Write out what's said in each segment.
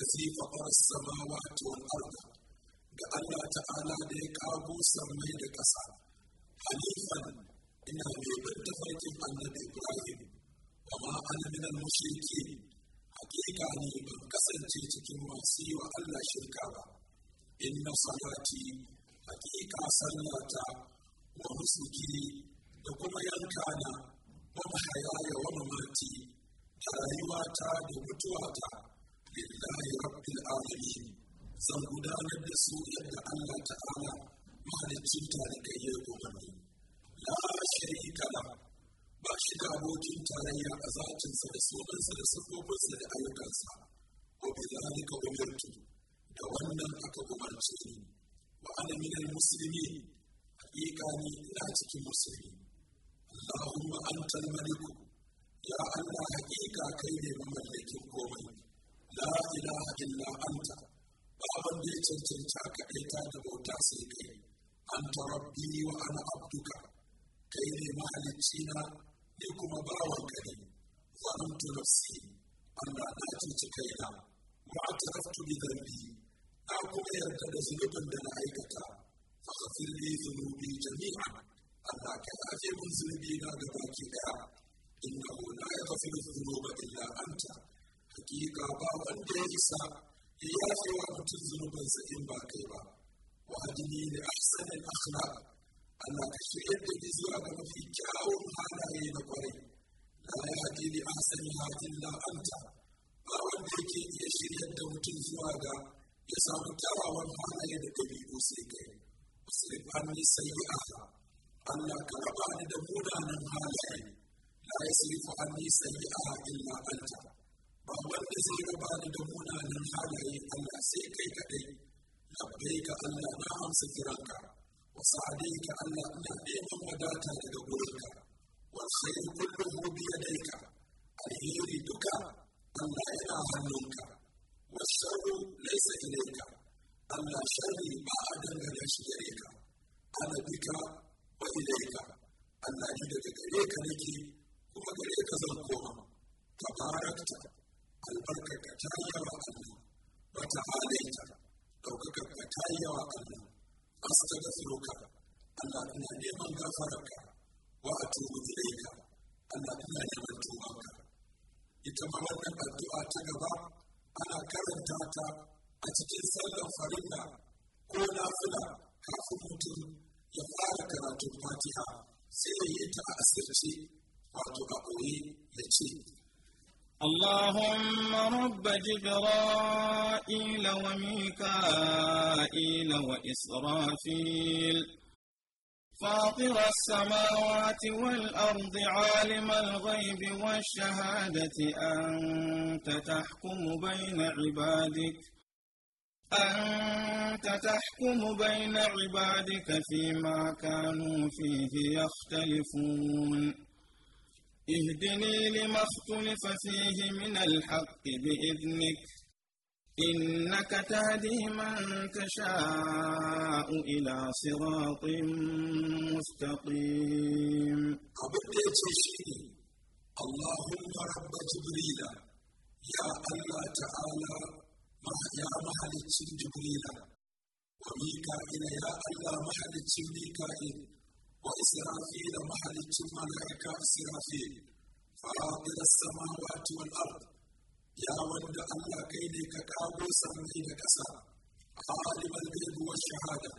الذي فطر السماوات والأرض da Allah ta'ala da ya kago sammai da ƙasa halifan ina mai bin tafarkin annabi Ibrahim wa ma ana min al hakika ne ban kasance cikin masu yi wa Allah shirka ba inna salati hakika sallata wa nusuki da kuma yankana wa mahayaya wa mamati da rayuwata da mutuwata lillahi rabbil alamin zan gudanar da su yadda Allah ta'ala mahaliccin talibai ya umarni la sharika la ba shi da abokin tarayya a zatinsa da sunansa da siffofinsa da ayyukansa wa bi zalika umirtu da wannan aka umarce ni wa ana minal muslimin haƙiƙa ni ina cikin musulmi Allahumma antal maliku ya Allah haƙiƙa kai ne mamallakin komai la ilaha illa anta ba wanda ya cancanta ka ta da bauta sai kai anta rabbi wa ana abduka kai ne mahaliccina ne kuma bawanka ne zalamtu nafsi amma na cuci kaina wa ataraftu bi dhanbi na kuma yarda da zunubin da na aikata fa ghafir li dhunubi jami'an Allah ka yafe min zunubi na gaba ki daya innahu la yaghfiru dhunuba illa anta hakika ba wanda ya isa ya fi wa mutum zunubansa in ba kai ba wa adini da ahsanin akhlaq Allah ka shirya da ni zuwa ga mafi kyawun halaye na kwarai la ya adini ahsani hadin la anta ba wanda yake iya shirya da mutum zuwa ga ya samu kyawawan halaye da dabi'u sai kai muslim an ni sayyi'a Allah ka raba ni da munanan halaye la yasrifu anni sayyi'a illa anta ba wanda zai gabani da munanan halaye Allah sai kai kaɗai labbaika Allah na amsa kiranka wa sa'adaika Allah ina neman wadata daga gurinka wal khairu kulluhu bi yadayka alheri duka Allah yana hannunka wa sharru laysa ilayka Allah sharri ba a dangana shi gare ka ana bika wa ilayka Allah ni daga gare ka nake kuma gare ka zan koma tabarakta albarkarka ta yi yawa Allah wata halaita ɗaukakarka ta yi yawa Allah asta da furuka Allah ina neman gafararka wa a tubu ilaika Allah ina neman tubanka ita ma wannan addu'a ta gaba ana karanta ta a cikin sallar farilla ko nafila kafin mutum ya fara karatun fatiha sai ya yi ta a asirce wato a ya ce اللهم رب جبرائيل وميكائيل وإسرافيل فاطر السماوات والأرض عالم الغيب والشهادة أنت تحكم بين عبادك أنت تحكم بين عبادك فيما كانوا فيه يختلفون اهدني لما اختلف فيه من الحق بإذنك إنك تهدي من تشاء إلى صراط مستقيم قبل تشيني اللهم رب جبريل يا الله تعالى ما يا محل جبريل وميكائيل يا الله محل جبريل وإسرافيل ثم الملائكة إسرافيل فاطر السماوات والأرض يا ولد الله كينك كابو سمي كسا عالم الغيب والشهادة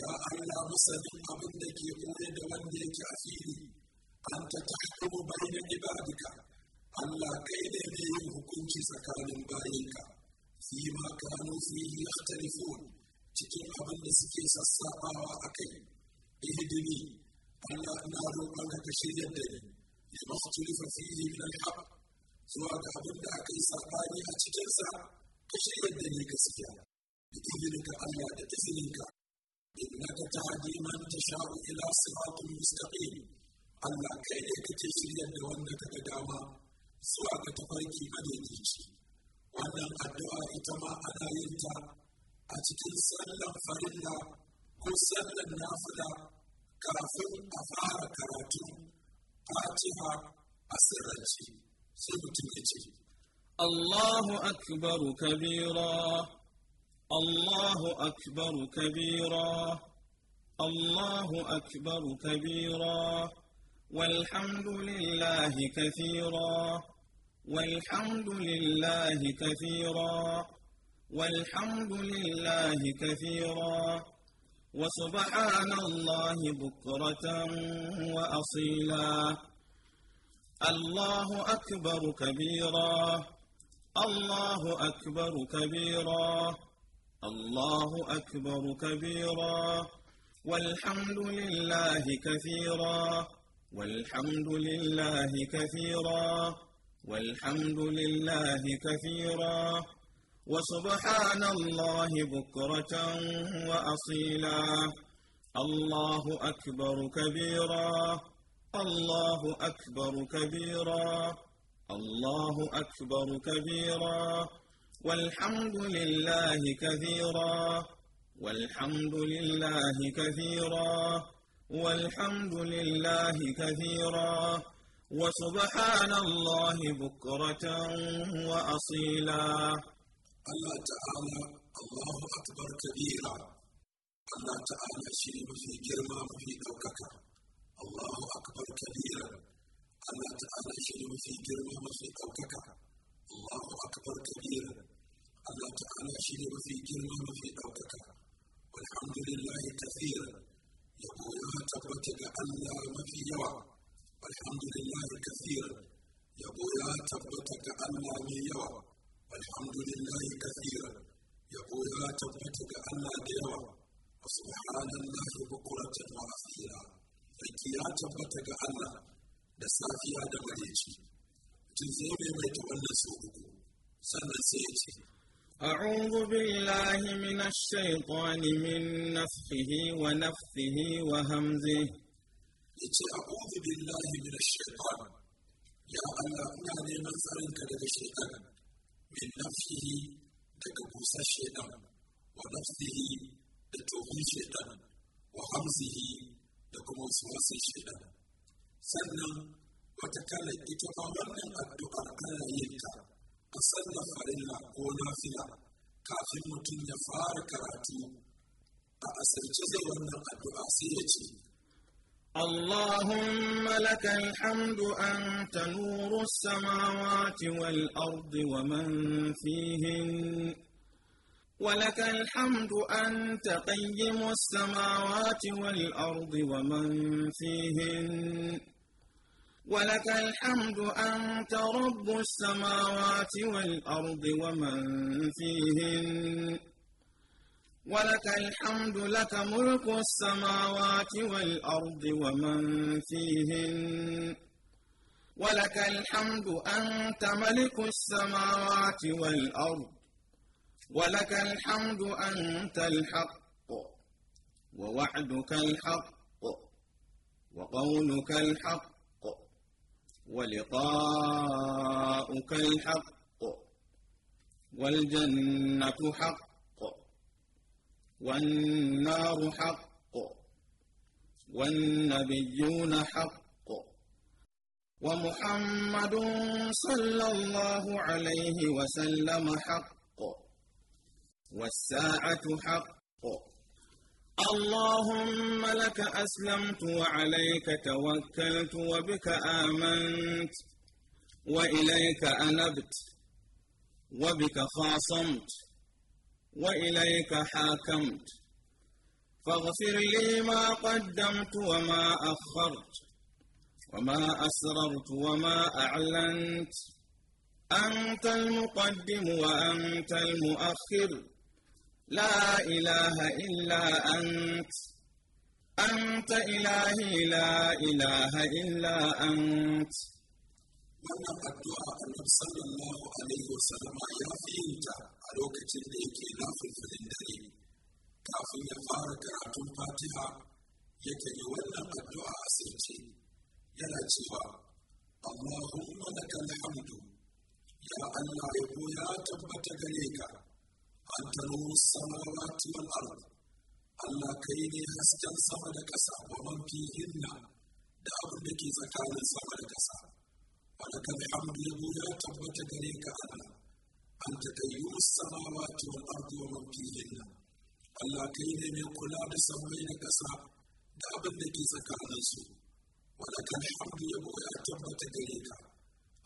يا الله مسلم أبدك لك ونديك وندك أفيني أنت تحكم بين عبادك الله كين بهم وكنت سكان باريك فيما كانوا فيه يختلفون تكيب abin da suke اهدني أنا نار أنا كشيء لما اختلف فيه من الحق سواء كابن أكي ساباني أتجلسا كشيء الدنيا كسيا بإذنك ألا بإذنك إنك تهدي من تشاء إلى صراط مستقيم ألا كيدك تشريا لونك قداما سواء كتفرقي مدينتي wannan addu'a ita ma ana yin ta a cikin ko sallar nafila a fara karatu fatiha a sirrance sai mutum ya ce الله أكبر كبيرا الله أكبر كبيرا الله أكبر كبيرا والحمد لله كثيرا والحمد لله كثيرا والحمد لله كثيرا وسبحان الله بكرة وأصيلا الله أكبر كبيرا الله أكبر كبيرا الله أكبر كبيرا والحمد لله كثيرا والحمد لله كثيرا والحمد لله كثيرا وسبحان الله بكرة وأصيلا الله أكبر كبيرا الله أكبر كبيرا الله أكبر كبيرا والحمد لله كثيرا والحمد لله كثيرا والحمد لله كثيرا وسبحان الله بكرة وأصيلا الله تعالى الله أكبر كبيرا الله تعالى شرب في كرما في دوكك الله أكبر كبيرا الله تعالى شرب في كرما في دوكك الله أكبر كبيرا الله تعالى شرب في كرما في دوكك والحمد لله كثيرا يقول تبت كأن ما في يوا والحمد لله كثيرا يقول تبت كأن ما في يوا والحمد لله كثيرا يقول لا تبعد كأن ديرا وسبحان الله بكرة وأخيرا فكي لا تبعد كأن لسافي هذا مليشي جزيري ويتولى سوقك سنة سيتي أعوذ بالله من الشيطان من نفخه ونفثه وهمزه أعوذ بالله من الشيطان يا الله يعني من فرنك لك الشيطان من نفسه دكبوسا شيطان ونفسه دتوهين شيطان وهمزه دكما وسواس شيطان سنة وتكالا إتوقع wannan addu'ar Allah yinka a sallar farilla ko nafila kafin mutum ya fara karatu a asirce zai wannan addu'a sai ya ce اللهم لك الحمد أنت نور السماوات والأرض ومن فيهن ولك الحمد أنت قيم السماوات والأرض ومن فيهن ولك الحمد أنت رب السماوات والأرض ومن فيهن ولك الحمد لك ملك السماوات والأرض ومن فيهن ولك الحمد أنت ملك السماوات والأرض ولك الحمد أنت الحق ووعدك الحق وقولك الحق ولقاؤك الحق والجنة حق والنار حق والنبيون حق ومحمد صلى الله عليه وسلم حق والساعة حق اللهم لك أسلمت وعليك توكلت وبك آمنت وإليك أنبت وبك خاصمت وإليك حاكمت فاغفر لي ما قدمت وما أخرت وما أسررت وما أعلنت أنت المقدم وأنت المؤخر لا إله إلا أنت أنت إلهي لا إله إلا أنت wannan النبي صلى الله عليه وسلم يا fahimta a lokacin da yake nafulfulin dare kafin ya fara karatun fatiha yakan yi wannan addu'a a sirce yana cewa Allahumma lakal hamdu ya Allah yabo ya tabbata gare ka anta nurus samawati wal ard Allah kai ne hasken sama da ƙasa wa man fihinna da abin da ke tsakanin sama da ƙasa wa lakal hamdu yabo ya tabbata gare ka Allah أنت تدين السماوات والأرض ومن فيهن Allah kai ne mai kula da sammai na ƙasa da abin da ke tsakaninsu, wadda kan hamdu ya goya tabbata gare ka,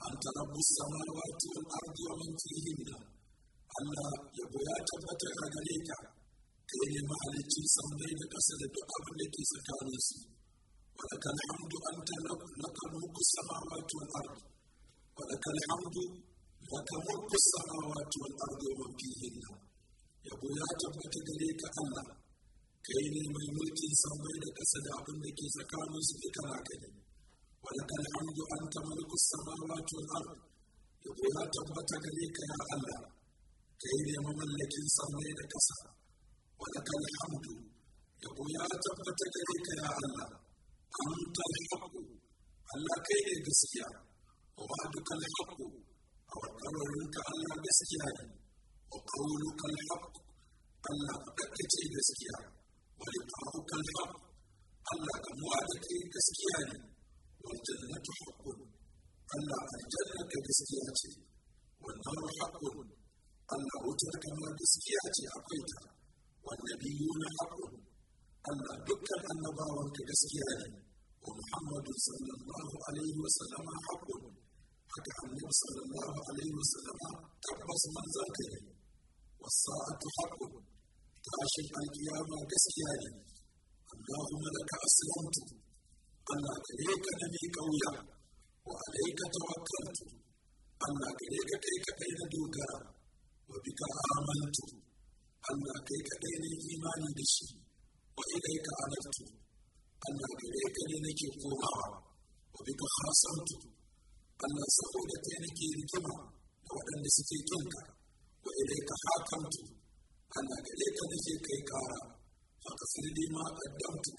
an tarabbu samawati wal ardi wa man fihinna. Allah ya goya tabbata a gare ka, kai ne mahalicin sammai na ƙasa da duk abin da ke tsakaninsu. Wadda kan hamdu an tarabbu na kan hukun samawati wal ardi. Wadda kan hamdu وكملك السماوات والأرض ومن فيهن yabo ya tabbata gare ka Allah kai ne mai mulkin sammai da ƙasa da abin da ke tsakanin su duka naka ne walaka alhamdu anta maliku samawati wal ard yabo ya tabbata gare ka ya Allah kai ne mamallakin sammai da ƙasa walaka alhamdu yabo ya tabbata gare ka ya Allah anta alhaqu Allah kai ne gaskiya wa ba'duka alhaqu وقولك على gaskiya ne وقولك الحق Allah kaɗa ce gaskiya wani ƙahukan haq Allah ka muwa da kai gaskiya ne wajen na ta haƙun Allah aljanna ka gaskiya ce wannan haƙun Allah wutar kama gaskiya ce akwai ta wanda biyu na haƙun Allah dukkan annabawan ka gaskiya ne wa Muhammadu sallallahu alaihi wa sallama haƙun haka النبي صلى الله عليه وسلم manzon ka ne wasa'atu haqqun tashin alkiyama gaskiya اللهم لك أسلمت أنا إليك نبيك قويا وعليك توكلت أنا إليك كيك بين دوغرا وبك آمنت أنا كيك بين إيماني بشي وإليك أنبت أنا إليك لنجي قوما وبك خاصمت Allah saboda nake rigima da waɗanda suke kinka wa ilaika hakamtu Allah gare ka nake kai kara haka sirri ma qaddamtu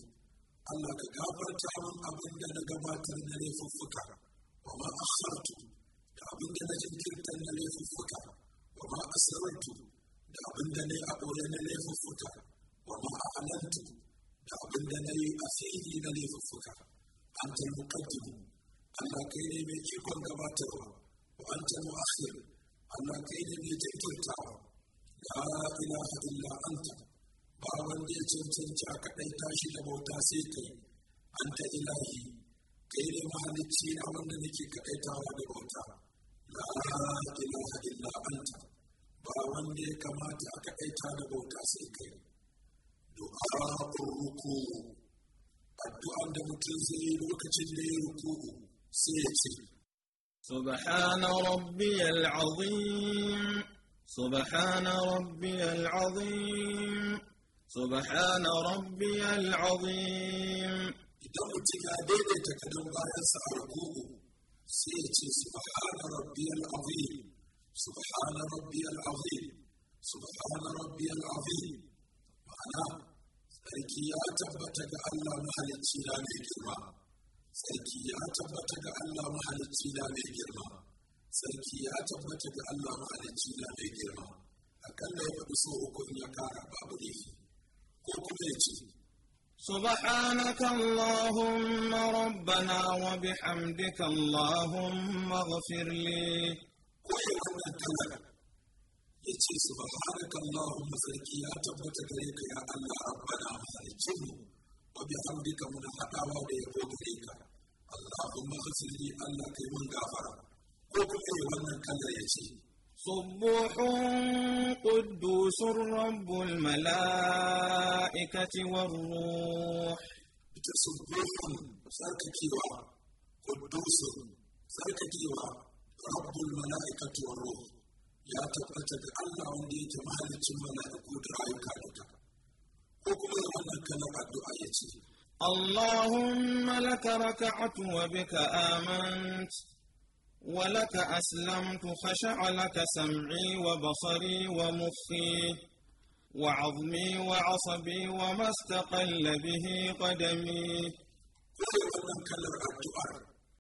Allah ka gafarta min abin da na gabatar na laifuffuka wa ma akhartu da abin da na jinkirta na laifuffuka wa ma asrartu da abin da na yi a ɓoye na laifuffuka wa ma a'lantu da abin da na yi a fili na laifuffuka an ta muqaddimu Allah kai ne mai ikon gabatarwa wa anta mu'akhir Allah kai ne mai jinkirtawa la ilaha illa anta ba wanda ya cancanci a kaɗai tashi da bauta sai kai anta ilahi kai ne mahalicci na wanda nake kaɗaitawa da bauta la ilaha illa anta ba wanda ya kamata a kaɗaita da bauta sai kai du'a ruku addu'an da mutum zai yi lokacin da ya ruku'u سبحان ربي العظيم سبحان ربي العظيم سبحان ربي العظيم سبحان ربي العظيم سبحان ربي العظيم سبحان ربي العظيم معناه ذلك يا تبتك الله محل الشيطان في الجمعه sarki ya tabbata ga Allah mahalicci na mai girma sarki ya tabbata ga Allah mahalicci na mai girma akalla ya faɗi so uku in ya kara babu laifi ko kuma ya ce سبحانك اللهم ربنا وبحمدك اللهم اغفر لي yace subhanaka allahumma sarki ya tabbata gare ka ya allah rabbana mahalicinmu wa bihamdika muna haɗawa da Allahumma ghfirli Allah kai mun gafara ko kuma yi wannan kallar ya ce صبوح قدوس رب الملائكة والروح صبوح سركتيوا قدوس سركتيوا رب الملائكة والروح يا تبتد الله عندي جمالة ملائكة رأيك عليك وكما يوانا كلام الدعاء اللهم لك ركعت وبك آمنت ولك أسلمت خشع لك سمعي وبصري ومخي وعظمي وعصبي وما استقل به قدمي.